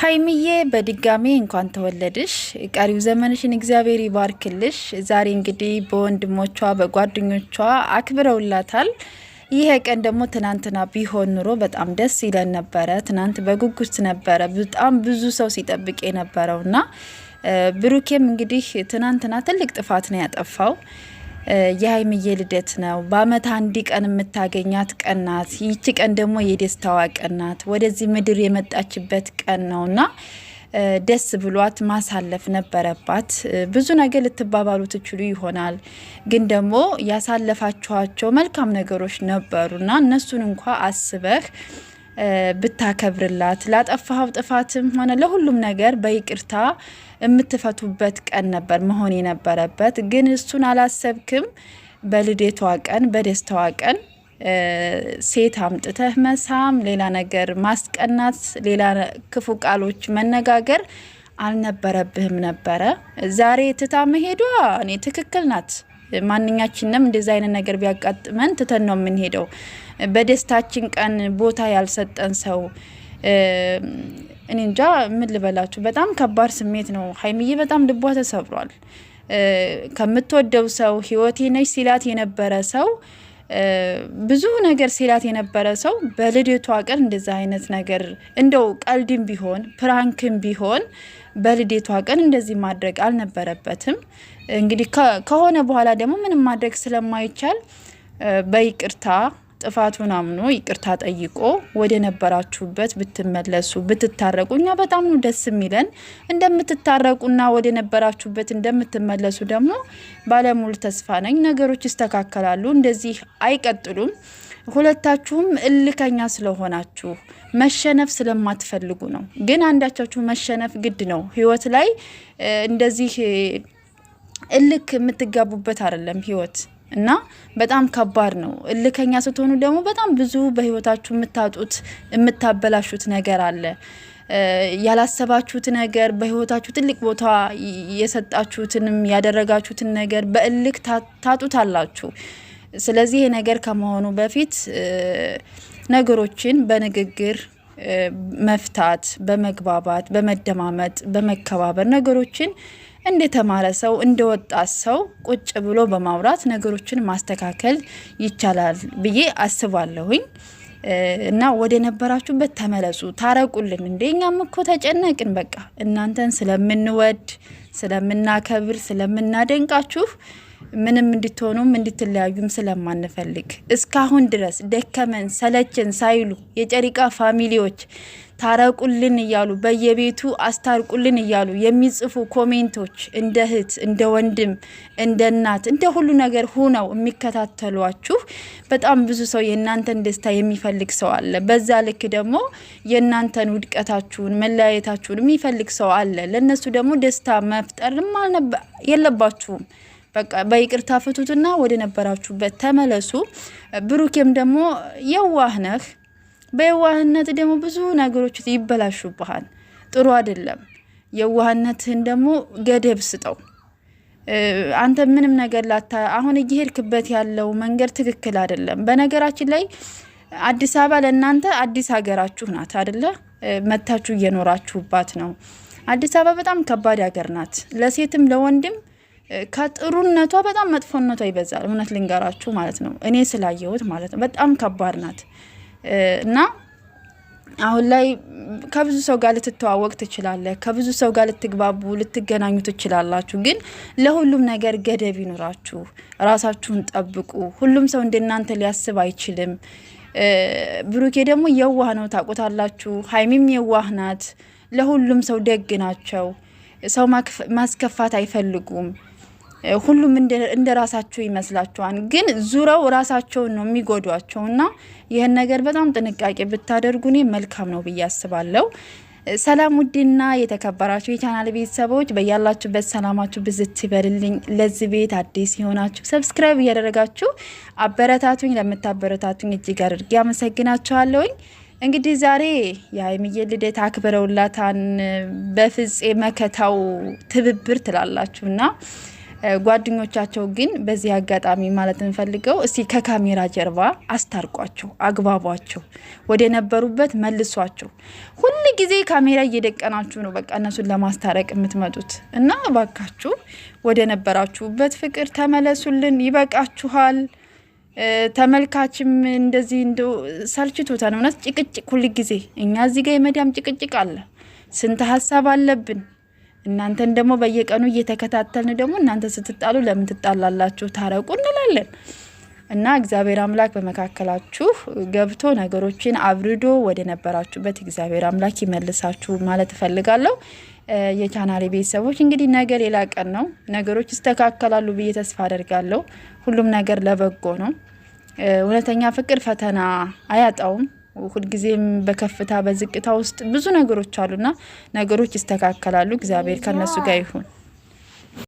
ሀይሚዬ በድጋሜ እንኳን ተወለድሽ። ቀሪው ዘመንሽን እግዚአብሔር ይባርክልሽ። ዛሬ እንግዲህ በወንድሞቿ በጓደኞቿ አክብረውላታል። ይህ ቀን ደግሞ ትናንትና ቢሆን ኑሮ በጣም ደስ ይለን ነበረ። ትናንት በጉጉት ነበረ በጣም ብዙ ሰው ሲጠብቅ የነበረውና ብሩኬም እንግዲህ ትናንትና ትልቅ ጥፋት ነው ያጠፋው የሀይምዬ ልደት ነው። በአመት አንድ ቀን የምታገኛት ቀን ናት። ይቺ ቀን ደግሞ የደስታዋ ቀን ናት። ወደዚህ ምድር የመጣችበት ቀን ነውና ደስ ብሏት ማሳለፍ ነበረባት። ብዙ ነገር ልትባባሉ ትችሉ ይሆናል፣ ግን ደግሞ ያሳለፋችኋቸው መልካም ነገሮች ነበሩና እነሱን እንኳ አስበህ ብታከብርላት ላጠፋኸው ጥፋትም ሆነ ለሁሉም ነገር በይቅርታ የምትፈቱበት ቀን ነበር መሆን የነበረበት። ግን እሱን አላሰብክም። በልዴቷ ቀን በደስታዋ ቀን ሴት አምጥተህ መሳም፣ ሌላ ነገር ማስቀናት፣ ሌላ ክፉ ቃሎች መነጋገር አልነበረብህም ነበረ። ዛሬ ትታ መሄዷ እኔ ትክክል ናት። ማንኛችንም እንደዚ አይነት ነገር ቢያጋጥመን ትተን ነው የምንሄደው። በደስታችን ቀን ቦታ ያልሰጠን ሰው እኔ እንጃ ምን ልበላችሁ። በጣም ከባድ ስሜት ነው። ሀይሚዬ በጣም ልቧ ተሰብሯል። ከምትወደው ሰው ህይወቴ ነች ሲላት የነበረ ሰው ብዙ ነገር ሲላት የነበረ ሰው በልደቷ ቀን እንደዚ አይነት ነገር እንደው ቀልድም ቢሆን ፕራንክም ቢሆን በልደቷ ቀን እንደዚህ ማድረግ አልነበረበትም። እንግዲህ ከሆነ በኋላ ደግሞ ምንም ማድረግ ስለማይቻል በይቅርታ ጥፋቱን አምኖ ይቅርታ ጠይቆ ወደ ነበራችሁበት ብትመለሱ ብትታረቁ እኛ በጣም ነው ደስ የሚለን። እንደምትታረቁና ወደ ነበራችሁበት እንደምትመለሱ ደግሞ ባለሙሉ ተስፋ ነኝ። ነገሮች ይስተካከላሉ፣ እንደዚህ አይቀጥሉም። ሁለታችሁም እልከኛ ስለሆናችሁ መሸነፍ ስለማትፈልጉ ነው። ግን አንዳቻችሁ መሸነፍ ግድ ነው። ህይወት ላይ እንደዚህ እልክ የምትጋቡበት አይደለም ህይወት እና በጣም ከባድ ነው። እልከኛ ስትሆኑ ደግሞ በጣም ብዙ በህይወታችሁ የምታጡት የምታበላሹት ነገር አለ። ያላሰባችሁት ነገር በህይወታችሁ ትልቅ ቦታ የሰጣችሁትንም ያደረጋችሁትን ነገር በእልክ ታጡታላችሁ። ስለዚህ ይሄ ነገር ከመሆኑ በፊት ነገሮችን በንግግር መፍታት፣ በመግባባት፣ በመደማመጥ፣ በመከባበር ነገሮችን እንደተማረ ሰው እንደወጣ ሰው ቁጭ ብሎ በማውራት ነገሮችን ማስተካከል ይቻላል ብዬ አስባለሁኝ። እና ወደ ነበራችሁበት ተመለሱ፣ ታረቁልን። እንዴ እኛም እኮ ተጨነቅን። በቃ እናንተን ስለምንወድ ስለምናከብር፣ ስለምናደንቃችሁ ምንም እንድትሆኑም እንድትለያዩም ስለማንፈልግ እስካሁን ድረስ ደከመን ሰለችን ሳይሉ የጨሪቃ ፋሚሊዎች ታረቁልን እያሉ በየቤቱ አስታርቁልን እያሉ የሚጽፉ ኮሜንቶች እንደ እህት፣ እንደ ወንድም፣ እንደ እናት፣ እንደ ሁሉ ነገር ሆነው የሚከታተሏችሁ በጣም ብዙ ሰው የእናንተን ደስታ የሚፈልግ ሰው አለ። በዛ ልክ ደግሞ የእናንተን ውድቀታችሁን፣ መለያየታችሁን የሚፈልግ ሰው አለ። ለእነሱ ደግሞ ደስታ መፍጠርም የለባችሁም። በቃ በይቅርታ ፍቱትና ወደ ነበራችሁበት ተመለሱ። ብሩኬም ደግሞ የዋህ ነህ በየዋህነት ደግሞ ብዙ ነገሮች ይበላሹብሃል። ጥሩ አይደለም። የዋህነትህን ደግሞ ገደብ ስጠው። አንተ ምንም ነገር ላታ አሁን እየሄድክበት ያለው መንገድ ትክክል አይደለም። በነገራችን ላይ አዲስ አበባ ለእናንተ አዲስ ሀገራችሁ ናት አደለ? መታችሁ እየኖራችሁባት ነው። አዲስ አበባ በጣም ከባድ ሀገር ናት፣ ለሴትም ለወንድም። ከጥሩነቷ በጣም መጥፎነቷ ይበዛል። እውነት ልንገራችሁ ማለት ነው፣ እኔ ስላየሁት ማለት ነው። በጣም ከባድ ናት። እና አሁን ላይ ከብዙ ሰው ጋር ልትተዋወቅ ትችላለህ። ከብዙ ሰው ጋር ልትግባቡ፣ ልትገናኙ ትችላላችሁ። ግን ለሁሉም ነገር ገደብ ይኖራችሁ። ራሳችሁን ጠብቁ። ሁሉም ሰው እንደናንተ ሊያስብ አይችልም። ብሩኬ ደግሞ የዋህ ነው፣ ታውቁታላችሁ። ሀይሚም የዋህ ናት። ለሁሉም ሰው ደግ ናቸው። ሰው ማስከፋት አይፈልጉም። ሁሉም እንደ ራሳቸው ይመስላቸዋል፣ ግን ዙረው ራሳቸውን ነው የሚጎዷቸው። እና ይህን ነገር በጣም ጥንቃቄ ብታደርጉ እኔ መልካም ነው ብዬ አስባለሁ። ሰላም ውድና የተከበራችሁ የቻናል ቤተሰቦች በያላችሁበት ሰላማችሁ ብዝት ይበልልኝ። ለዚህ ቤት አዲስ የሆናችሁ ሰብስክራይብ እያደረጋችሁ አበረታቱኝ። ለምታበረታቱኝ እጅግ አድርጌ አመሰግናችኋለሁኝ። እንግዲህ ዛሬ የሀይሚዬ ልደት አክብረውላታን በፍፄ መከታው ትብብር ትላላችሁና ጓደኞቻቸው ግን በዚህ አጋጣሚ ማለት እንፈልገው እስቲ ከካሜራ ጀርባ አስታርቋቸው፣ አግባቧቸው፣ ወደ ነበሩበት መልሷቸው። ሁል ጊዜ ካሜራ እየደቀናችሁ ነው በቃ እነሱን ለማስታረቅ የምትመጡት እና እባካችሁ ወደ ነበራችሁበት ፍቅር ተመለሱልን። ይበቃችኋል። ተመልካችም እንደዚህ እንደ ሰልችቶታን እውነት ጭቅጭቅ ሁል ጊዜ እኛ እዚህ ጋር የመዲያም ጭቅጭቅ አለ፣ ስንት ሀሳብ አለብን። እናንተን ደግሞ በየቀኑ እየተከታተልን ደግሞ እናንተ ስትጣሉ ለምን ትጣላላችሁ? ታረቁ እንላለን። እና እግዚአብሔር አምላክ በመካከላችሁ ገብቶ ነገሮችን አብርዶ ወደ ነበራችሁበት እግዚአብሔር አምላክ ይመልሳችሁ ማለት እፈልጋለሁ። የቻናሌ ቤተሰቦች እንግዲህ ነገ ሌላ ቀን ነው። ነገሮች ይስተካከላሉ ብዬ ተስፋ አደርጋለሁ። ሁሉም ነገር ለበጎ ነው። እውነተኛ ፍቅር ፈተና አያጣውም። ሁልጊዜም በከፍታ በዝቅታ ውስጥ ብዙ ነገሮች አሉና ነገሮች ይስተካከላሉ። እግዚአብሔር ከነሱ ጋር ይሁን።